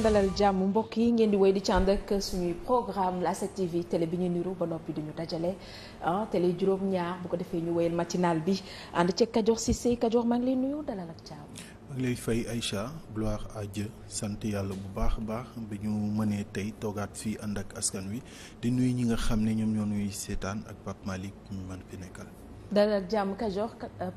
leen dalal jàmm mbokk yi ngeen di woy di ci ànd ak suñuy programme la 7TV télé bi ñu niru ba noppi duñu dajale ah télé juróom-ñaar bu ko defee ñu woyal matinal bi ànd ceeg Kajoor Cissé Kajoor maa ngi lay nuyu dalal ak jàmm. maa ngi lay fay Aïcha gloire à Dieu sant yàlla bu baax a baax bi ñu mënee tey toogaat fii ànd ak askan wi di nuyu ñi nga xam ne ñoom ñoo nuy seetaan ak Pape Malick man fi nekkal. dalal jàmm Kajoor euh,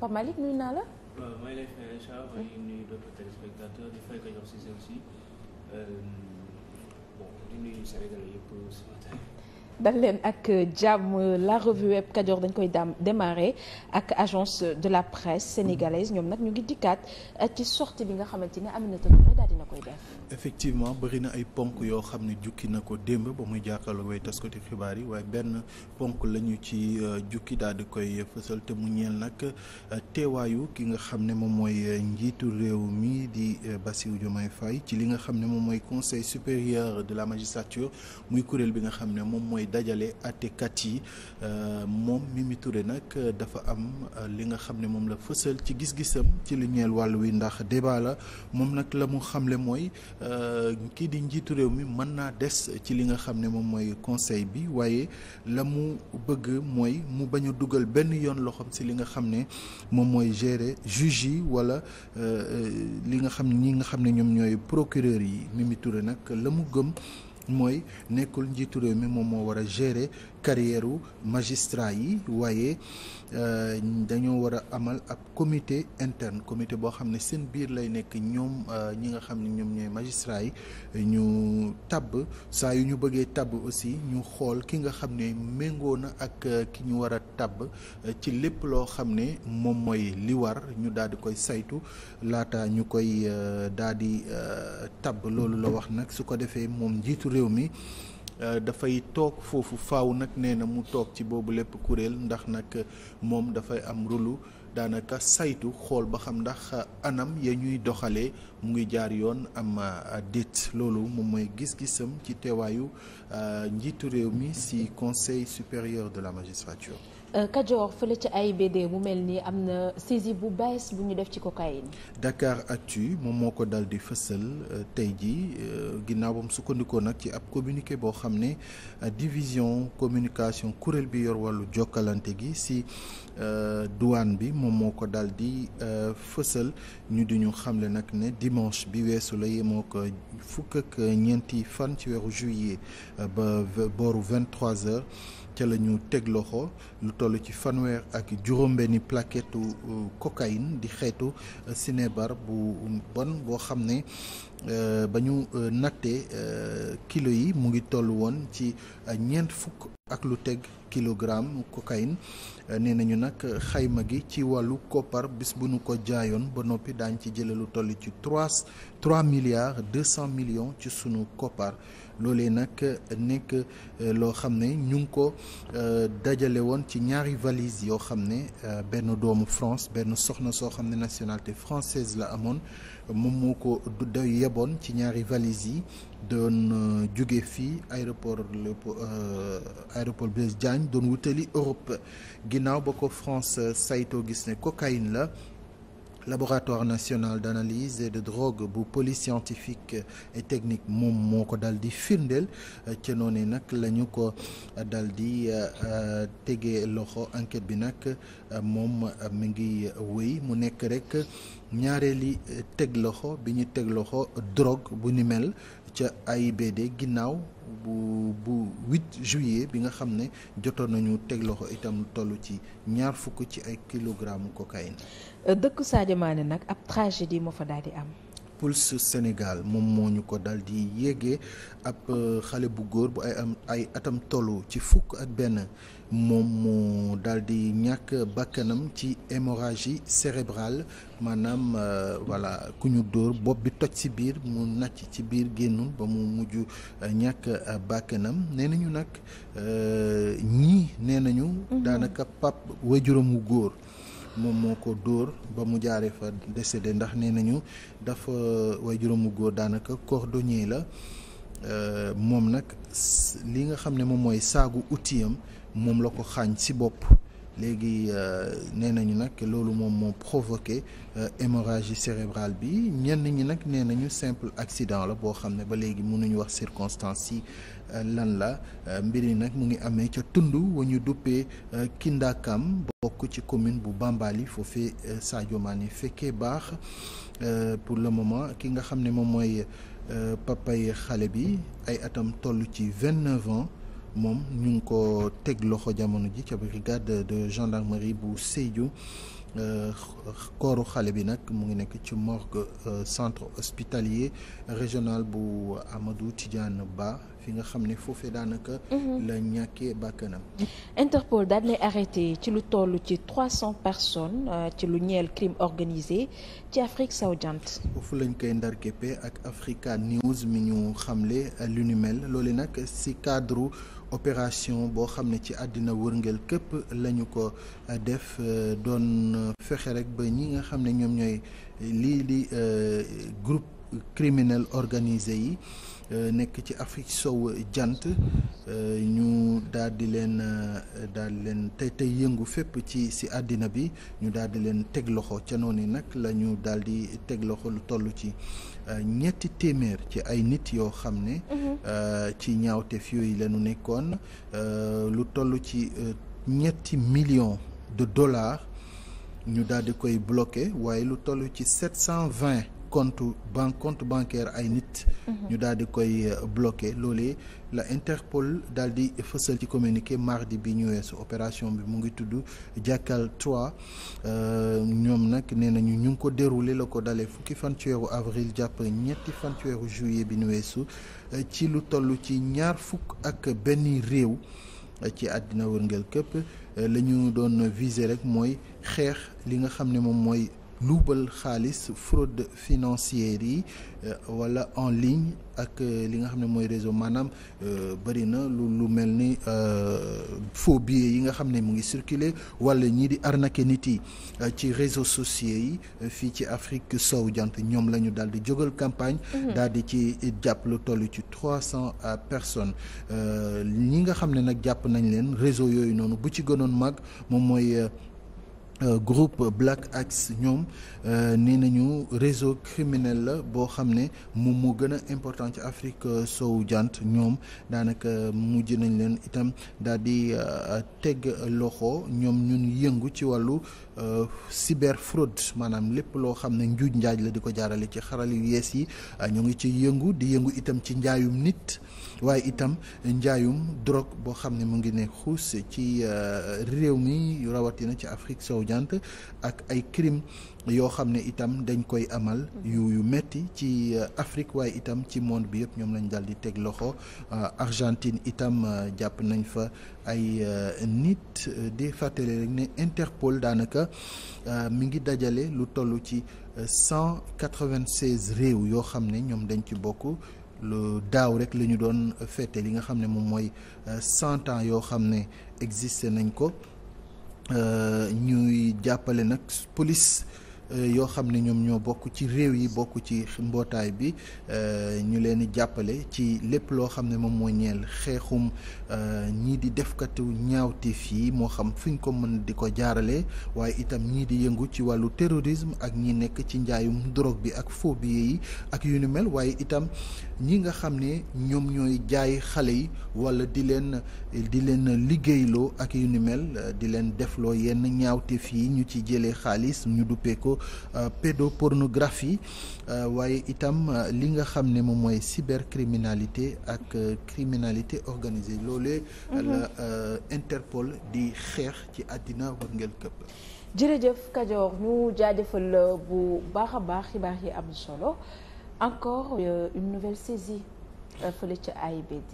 bon leen ak jàmm la revue web Kajoor dañ koy dam démarrer ak agence de la presse sénégalaise ñoom nag ñu ngi dikkaat ci sortie bi nga xamante ni Aminata Touré daal dina koy def. effectivement bëri na ay ponk yoo xam ne jukki na ko démb ba muy jàkkaarloo way taskati xibaar yi waaye benn ponk la ñu ci euh, jukki daal di koy fësal te mu ñeel nag euh, teewaayu ki nga xam ne moom mooy euh, njiitu réew mi di Bassirou Diomaye fay ci li nga xam ne moom mooy conseil supérieur de la magistrature muy kuréel bi nga xam ne moom mooy dajale àttekat yi moom Mimi ture nag dafa am li nga xam ne moom la fësal ci gis-gisam ci lu ñeel wàll wi ndax débat la moom nag xam xamle mooy euh, kii di njiitu réew mi mën naa des ci li nga xam ne moom mooy conseil bi waaye la mu bëgg mooy mu bañ a dugal benn yoon loxoom si li nga xam ne moom mooy gérer juge yi wala euh, li nga xam ñi nga xam ne ñoom ñooy procureur yi Mimi Touré nag la mu gëm mooy nekkul njiitu réew mi moom moo war a gérer carrière magistrat yi waaye euh, dañoo war a amal ab comité interne comité boo xam ne seen biir lay nekk ñoom euh, ñi nga xam ne ñoom ñooy magistrat yi ñu tabb saa yu ñu bëggee tàbb aussi ñu xool ki nga xam ne méngoo na ak euh, ki ñu war a tabb ci lépp loo xam ne moom mooy li war ñu daal di koy saytu laata ñu koy daal di tabb loolu la wax nag su ko defee moom njiitu réew mi Euh, dafay toog foofu faaw nag nee na mu toog ci boobu lépp kuréel ndax nag moom dafay am rôle daanaka saytu xool ba xam ndax anam ya ñuy doxalee mu ngi jaar yoon am déet loolu moom mooy gis-gisam ci teewaayu njiitu réew mi si conseil supérieur de la magistrature. Euh, Kajoor fële AIBD mu mel ni am na saisie bu bees bu ñu def ci cocaïne. Dakar Actu moom moo ko dal di fësal euh, tey jii euh, ginnaaw bam sukkandikoo nag ci ab communiqué boo xam ne division communication kuréel bi yor wàllu jokkalante gi si douane bi. moom moo ko daal di euh, fësal ñu di ñu xamle nag ne dimanche bi weesu la yemoo ko euh, fukk ak euh, ñeenti fan ci weeru juillet ba booru 23 heures ca la ñu teg loxo lu toll ci fanweer ak juróom-benni plaquettu euh, cocaïne di xeetu sinébar euh, bu bon boo xam ne euh, ba ñu nattee kilo yi mu ngi toll woon ci ñeent fukk ak lu teg kilogramme cocaïne nee nañu nag xayma gi ci wàllu koppar bis bu nu ko jaayoon ba noppi daañ ci jëlee lu toll ci trois 3 milliards 200 millions ci sunu koppar loole nag nekk euh, loo xam ne ñu ngi ko euh, dajale woon ci ñaari valise yoo xam ne euh, benn doomu France benn soxna soo xam ne nationalité française la amoon moom moo ko da yeboon ci ñaari valise yi doon jóge fii aéroport aéroport Blaise Diagne doon wutali Europe ginnaaw ba ko France saytoo gis ne cocaïne la laboratoire national d'analyse et de drogue bu police scientifique et technique moom moo ko dal di firndeel ca noonu nag la ñu ko dal di euh, tegee loxo enquête bi nag moom mi ngi wéy mu nekk rek ñaareeli teg loxo bi ñu teg loxo drogue bu ni mel ca ay AIBD ginnaaw bu bu 8 juillet bi nga xam ne jotoon nañu teg loxo itam toll ci ñaar fukk ci ay kilogramme cocaïne. dëkk Sadio Mané nag ab tragédie moo fa daal di am. Pulse Sénégal moom moo ñu ko dal di yéegee ab euh, xale bu góor bu ay am ay atam tollu ci fukk ak benn moom moo daldi ñàkk bakkanam ci hémorragie cérébrale maanaam euh, voilà ku ñu dóor bopp bi toj ci biir mu nàcc ci biir génnul ba mu mujj euh, ñàkk bakkanam nee nañu nag ñii nee nañu mhm. daanaka pap waajuram góor moom moo ko dóor ba mu jaaree fa décédé ndax nee nañu dafa way juróomu góor daanaka cordonnier la euh, moom nag li nga xam ne moom mooy saagu outiyam moom la ko xaañ si bopp léegi euh, nee nañu nag loolu moom moo provoqué euh, hémorragie cérébrale bi ñenn ñi nag nee nañu simple accident la boo xam ne ba léegi mënuñu wax circonstance yi lan la euh, mbir yi nag mu ngi amee ca tund wa ñu duppee euh, Kindakam bokk ci commune bu Bambali foofee euh, Sadio Mané fekkee baax pour le moment ki nga xam ne moom mooy papay xale bi ay atam toll ci vingt-neuf ans moom ñu ngi ko teg loxo jamono ji ca brigade de gendarmerie bu Sédhiou kooru xale bi nag mu ngi nekk ci morgue centre hospitalier régional bu Amadou Tidiane Ba fi nga xam ne foofee daanaka. Mhm. la ñàkkee bàkkanam. arrêté ci lu toll ci trois cent personnes euh, ci lu ñeel crime organisé ci Afrique sowu-jant. foofu lañ koy ndarkeppe ak Africa News mi ñu xamle euh, lu ni mel loolu nag si cadre opération boo xam ne ci àddina wërngël képp lañu ko euh, def doon fexe rek ba ñi nga xam ne ñoom ñooy lii di groupe. criminel organisé yi euh, nekk ci Afrique sow jant euh, ñu daal di leen euh, daal leen tey tey yëngu fépp ci si àddina bi ñu daal di leen teg loxo ca noonu nag lañu ñu daal di teg loxo lu toll ci ñetti téeméer ci ay nit yoo xam ne. Mhm. ci ñaawteef yooyu la ñu nekkoon lu toll ci ñetti million de dollars ñu daal di koy bloqué waaye lu toll ci sept cent compte banque compte bancaire ay nit. Mhm. ñu daal di koy euh, bloqué loolee la Interpol daal di fësal ci communiqué mardi bi ñu weesu opération bi mu ngi tudd jàkkal 3 euh, ñoom nag nee nañu ñu ngi ko déroulé la ko dalee fukki fan ci weeru avril jàpp ñetti fan ci juillet bi ñu weesu euh, ci lu toll ci ñaar fukk ak benn réew. ci àddina wërngël képp la ñu doon viser rek mooy xeex li nga xam ne moom mooy luubal xaalis fraude financière yi euh, wala en ligne ak euh, li nga xam ne mooy réseau maanaam euh, bëri na lu lu mel ni faux billets yi nga xam ne mu ngi circuler wala ñii di arnaquer nit yi ci réseaux sociaux yi fii ci Afrique sow jant ñoom la ñu daal di jógal campagne mhm. daal di ci jàpp lu toll ci trois cent personnes ñi nga xam ne nag jàpp nañ leen réseau yooyu noonu bu ci gënoon mag moom mooy Euh, groupe Black Axe ñoom euh, nee nañu réseau criminel la boo xam ne moom moo gën a important ci Afrique euh, sow jant ñoom daanaka mujj nañ leen itam daal di teg loxo ñoom ñun yëngu ci wàllu cyber fraude maanaam lépp loo xam ne njuuj njaaj la di ko jaarale ci xaral yu yees yi ñoo ngi ci yëngu di yëngu itam ci njaayum nit waaye itam njaayum drogue boo xam ne mu ngi ne xuus ci réew mi rawatina ci Afrique sow jànt ak ay crime yoo xam ne itam dañ koy amal yu yu metti ci euh, Afrique waaye itam ci monde bi yëpp ñoom lañ daal di teg loxo euh, Argentine itam euh, jàpp nañ fa ay nit di fàttali rek ne Interpol daanaka mi ngi dajale lu toll ci cent quatre vingt réew yoo xam ne ñoom dañ ci bokk lu daaw rek la ñu doon fête li nga xam ne moom mooy cent ans yoo xam ne existé nañ ko Euh, ñuy jàppale nag police Euh, yoo xam ne ñoom ñoo bokk ci réew yi bokk ci mbootaay bi euh, ñu leen jàppale ci lépp loo xam ne moom moo ñeel xeexum euh, ñii di defkatu ñaawteef yi moo xam fi ñu ko mën di ko jaarale waaye itam ñii di yëngu ci wàllu terrorisme ak ñi nekk ci njaayum drogue bi ak phobie yi ak yu waaye itam ñi nga xam ne ñoom ñooy jaay xale yi wala di leen di leen liggéeyloo ak yu ni mel di leen defloo yenn ñaawteef yi ñu ci jëlee xaalis ñu duppee Euh, pédopornographie euh, waaye itam euh, li nga xam ne moom mooy cybercriminalité ak criminalité organisée loolee mhm. la Interpol di xeex ci àddina wërngël këpp jërëjëf Kajoor ñu jaajëfal bu baax a baax xibaar yi am solo encore une nouvelle saisie fële ca AIBD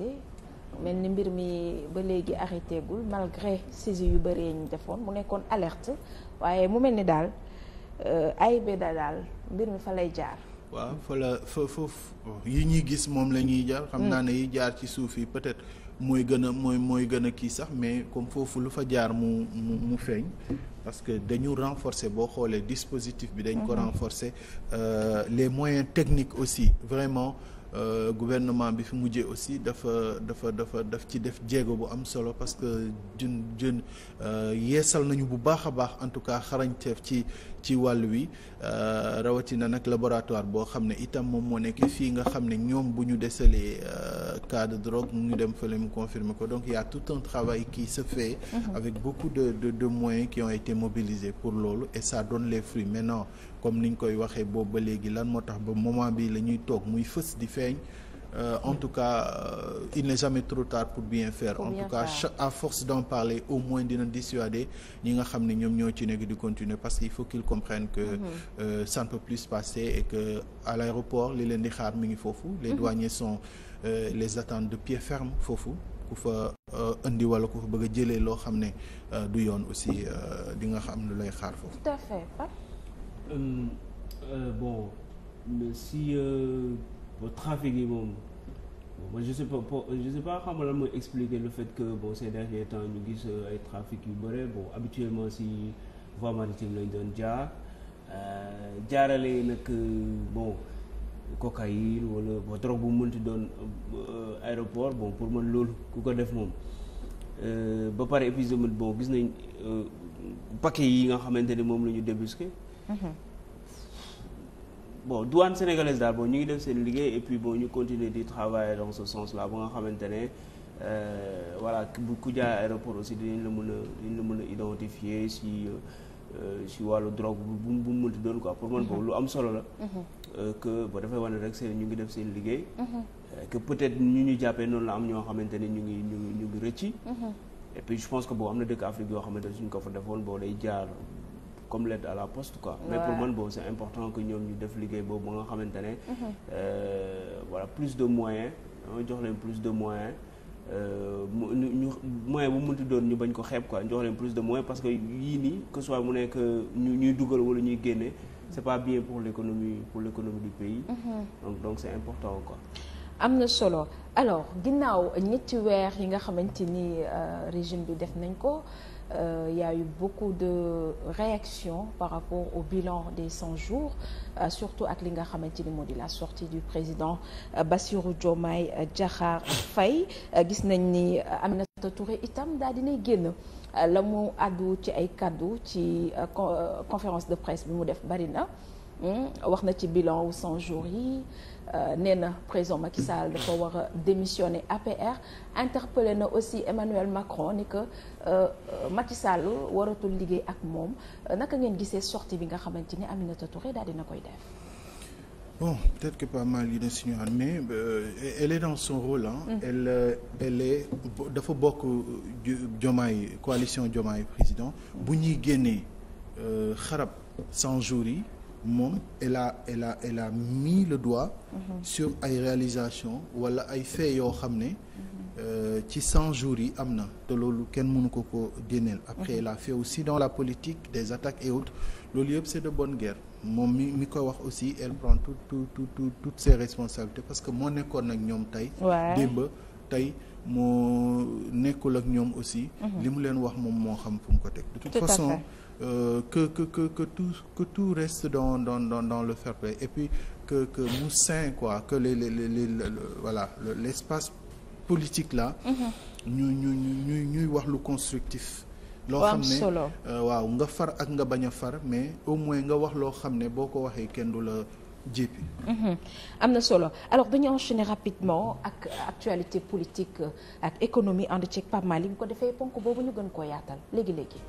mel ni mbir mi ba léegi arrêté gul malgré saisie yu bëree ñu defoon mu nekkoon alerte waaye mu mel ni daal Euh, AIBD daal mbir mi fa lay jaar. waaw fa la fa foofu yi ñuy gis moom la ñuy jaar. xam naa ne yi jaar ci suuf yi peut-être mooy gën a mooy mooy gën a kii sax mais comme foofu lu fa jaar mu mu mu feeñ. parce que dañu renforcer boo xoolee dispositif bi. dañ ko mhm. renforcer euh, les moyens techniques aussi vraiment. Euh, gouvernement bi fi mujjee aussi dafa dafa dafa def ci def jéego bu am solo parce que jën jën euh, yeesal nañu bu baax a baax en tout cas xarañteef ci ci wàll wi euh, rawatina nag laboratoire boo xam ne itam moom moo nekk fii nga xam ne ñoom bu ñu desalee cas de drogue mu ngi dem fa mu confirmer ko donc il y a tout un travail qui se fait mhm. avec beaucoup de de moyens qui ont été mobilisés pour loolu et ça donne les fruits maintenant comme ni ñu koy waxee boobu ba léegi lan moo tax ba moment bi la ñuy toog muy fës di feeñ Euh, en tout cas euh, il n'est jamais trop tard pour bien faire en tout cas à force d'en parler au moins dina dissuader ñi nga xam ne ñoom ñoo ci nekk di continuer parce que il faut qu'ils comprennent que mm -hmm. plus passer et que à l'aéroport li leen di xaar mu ngi foofu les mhm. douaniers sont euh, les attendent de pied ferme foofu ku fa euh, indi wala ku fa bëgg a jëlee loo xam ne du yoon aussi di nga xam lu lay xaar foofu ba trafic yi moom bon je sais pas je pas xam nga lan mooy expliquer le fait que bon ces derniers temps ñu gis euh, ay trafic yu bëre boo habituellement si voie maritime lañ doon jaar euh, jaarale nag euh, bon cocaïne wala ba drogue bu mënti doon aéroport bon pour man loolu ku ko def moom ba pare épisode bon gis nañ paquet yi nga xamante ni moom la ñu débusqué mm-hmm. bon douane sénégalaise daal bon ñu ngi def seen liggéey et puis bon ñu continuer di travailler dans ce sens là ba nga xamante ne euh, voilà bu ku jaay aéroport aussi dinañ la mën a dinañ la mën a identifier si euh, si wàllu drogue bu bu mu mënti doon quoi pour boobu mhm. lu am solo la. Mhm. Euh, que ba dafay wane rek seen ñu ngi def seen liggéey. Mhm. que peut ñu ñu jàppee noonu la am ñoo xamante ne ñu ngi ñu ngi ñu ngi rëcci. et puis je pense que boo am na dëkk Afrique yoo xamante ne suñ ko fa defoon boo day comme lettre à la poste quoi. mais pour man bon c'est important que ñoom ñu def liggéey boobu ba nga xamante ne. Mhm. Euh, voilà plus de moyens dama jox leen plus de moyens. Euh, mu ñu moyen bu mënti doon ñu bañ ko xeeb quoi jox leen de moyens parce que yii nii que soit mu nekk ñu ñuy dugal wala ñuy génne c'est pas bien pour l'économie pour l'économie du pays. Mhm. donc donc c'est important quoi. am na solo alors ginnaaw ñetti weer yi nga xamante ni euh, régime bi def nañ ko. il euh, y a eu beaucoup de réactions par rapport au bilan des 100 jours euh, surtout ak li nga xamante ni moo di la sortie du président euh, Bassirou Diomaye Diakhar fay gis nañ ni Aminata Touré itam daal dinay génn la mu àddu ci ay kàddu ci conférence de presse bi mu def bari na hmm, wax na ci bilan wu 100 jours yi Euh, nee na président Macky Sall dafa war a démissionner APR interpellé na aussi Emmanuel Macron ni que euh, Macky waratul liggéey ak moom euh, naka ngeen gisee sorti bi nga xamante ni Aminata Touré dina koy def. bon peut-être que pas mal yi na signal mais euh, elle est dans son rôle ah. est dafa bokk Diomaye coalition Diomaye président bu ñuy génnee xarab 100 jours moom elle a elle a elle a mis le doigt. Mhm. sur ay réalisation wala ay faits yoo xam ne. Mhm. Euh, ci cent jours yi am na te loolu kenn mënu ko ko dénneel. après mhm. elle a fait aussi dans la politique des attaques et autres loolu yëpp c'est de bonne guerre moom mi mi ko wax aussi elle prend tout tout tout tout toutes ses responsabilités parce que moo nekkoon ak ñoom tey. démb tey moo nekkul ak ñoom aussi. li mu leen wax moom moo xam fu mu ko teg. de toute façon. euh, que que que que tout que tout reste dans le fair play et puis que mu sain quoi que les les les, les le, le, le, mhm. ñu ñu ñuy wax lu constructif. loo xam ne euh, waaw nga far ak nga bañ a far mais au moins nga wax loo xam ne boo ko waxee kenn du la jéppi. Mhm. am na solo alors dañu enchaîner rapidement ak actualité politique ak économie ànd ceeg Pape Malick bu ko defee ponk boobu ñu gën koo yaatal léegi léegi.